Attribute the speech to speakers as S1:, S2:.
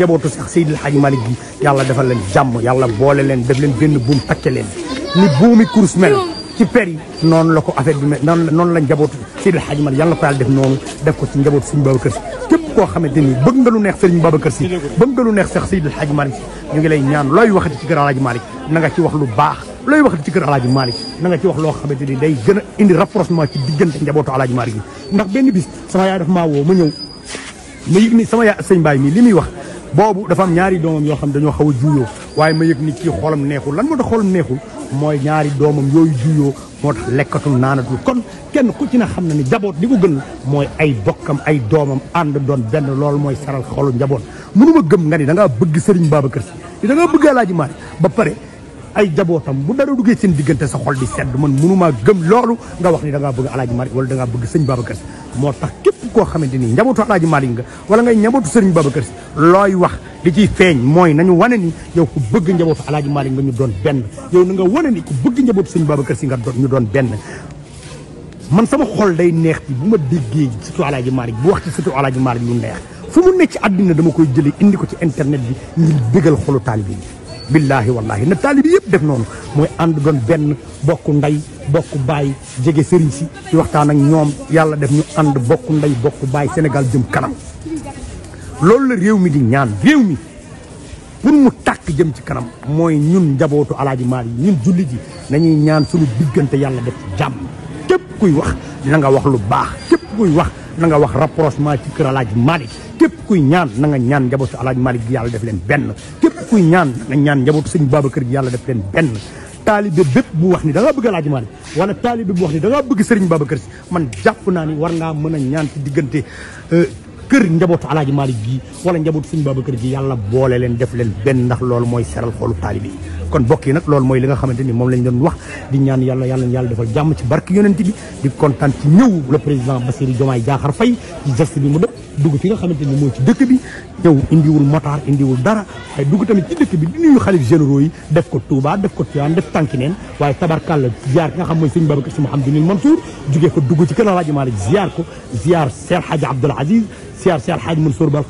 S1: njabootu sax Seydil Hadji Malick gi yàlla defal leen jàmm yàlla boole leen def leen benn buum takke leen ni buumi kurus mel ci per yi noonu la ko affaire bi mel noonu la njabootu Seydil Hadji Malick yàlla na ko yàlla def noonu def ko ci njabootu Serigne Babacar Sy képp koo xamante ni bëgg nga lu neex Serigne Babacar Sy bëgg nga lu neex sax Seydil Hadji Malick ñu ngi lay ñaan looy waxati ci kër Alaaji Malick na nga ci wax lu baax looy waxati ci kër Alaaji Malick na nga ci wax loo xamante ni day gën a indi rapprochement ci diggante njabootu Alaaji Malick yi ndax benn bis sama yaay daf maa woo ma ñëw ma yëg ni sama yaay sëñ Baay mi li muy wax boobu dafa am ñaari doomam yoo xam dañoo xaw a juuyoo waaye ma yëg ni kii xoolam neexul lan moo tax xolam neexul mooy ñaari doomam yooyu juuyoo moo tax lekkatul naanatul kon kenn ku ci xam na ni jaboot li ko gën mooy ay bokkam ay doomam ànd doon benn loolu mooy saral xolu njaboot mënu ma gëm nga ni danga ngaa bëgg Serigne Babacar Sy da ngaa bëgg Alaaji Maalik ba pare ay jabootam bu dara duggee seen diggante sa xol di sedd man mënumaa gëm loolu nga wax ni da ngaa bëgg alaaji Malick wala da bëgg sëñ Babacar Si moo tax képp koo xamante ni njabootu alaaji Malick nga wala ngay njabootu sëriñ Babacar Si looy wax li ciy feeñ mooy nañu wane ni yow ku bëgg njabootu alaaji Malick nga ñu doon benn yow na nga wane ni ku bëgg njabootu sëñ Babacar Si nga doon ñu doon benn man sama xol day neex bi bu ma déggee surtout alaaji Malick bu wax ci surtout alaaji Malick lu neex fu mu nekk ci àddina dama koy jëlee indi ko ci internet bi ngir bégal xolu taalibe bi billaahi wallaahi na taalibi yëpp def noonu mooy ànd doon benn bokk ndey bokk baay jege sëriñ si waxtaan ak ñoom yàlla def ñu ànd bokk ndey bokk baay Sénégal jëm kanam loolu la réew mi di ñaan réew mi pour mu tàkk jëm ci kanam mooy ñun njabootu alaaji maal yi ñun julli ji nañuy ñaan suñu diggante yàlla def jàmm képp kuy wax na wax lu baax képp kuy wax nanga wax rapprochement ci kër alaaj Malick képp kuy ñaan na nga ñaan njabootu alaaj Malick gi yàlla def leen benn képp kuy ñaan na nga ñaan njabootu sëñ Babacar gi yàlla def leen benn taalibe bépp bu wax ni da ngaa bëgg alaaj Malick wala taalibe bu wax ni da ngaa bëgg sëriñ Babacar si man jàpp naa ni war ngaa mën a ñaan ci diggante euh, kër njabootu alaaji Malick gii wala njabootu suñu Babacar gi yàlla boole leen def leen benn ndax loolu mooy seral xoolu taalibe yi kon bokk yi nag loolu mooy li nga xamante ni moom lañ doon wax di ñaan yàlla yàlla yàlla defal jàmm ci barke yonent bi di kontaan ci ñëw le la Bassirou Diomaye Diakhar Faye ci geste bi mu def dugg fi nga xamante ni mooy ci dëkk bi ñëw indiwul motaar indiwul dara waaye dugg tamit ci bi di nuyu xalif généraux yi def ko Touba def ko Tivaouane def tànki neen waaye tabarkàlla ziar ki nga xam mooy sëñ Babacar Sy Mouhamadou Mansour jugee ko dugg ci kër alaaji Malick ziar ko ziar Seex Hadji Abdoul Aziz siyaar si alxaaj Mansour Ba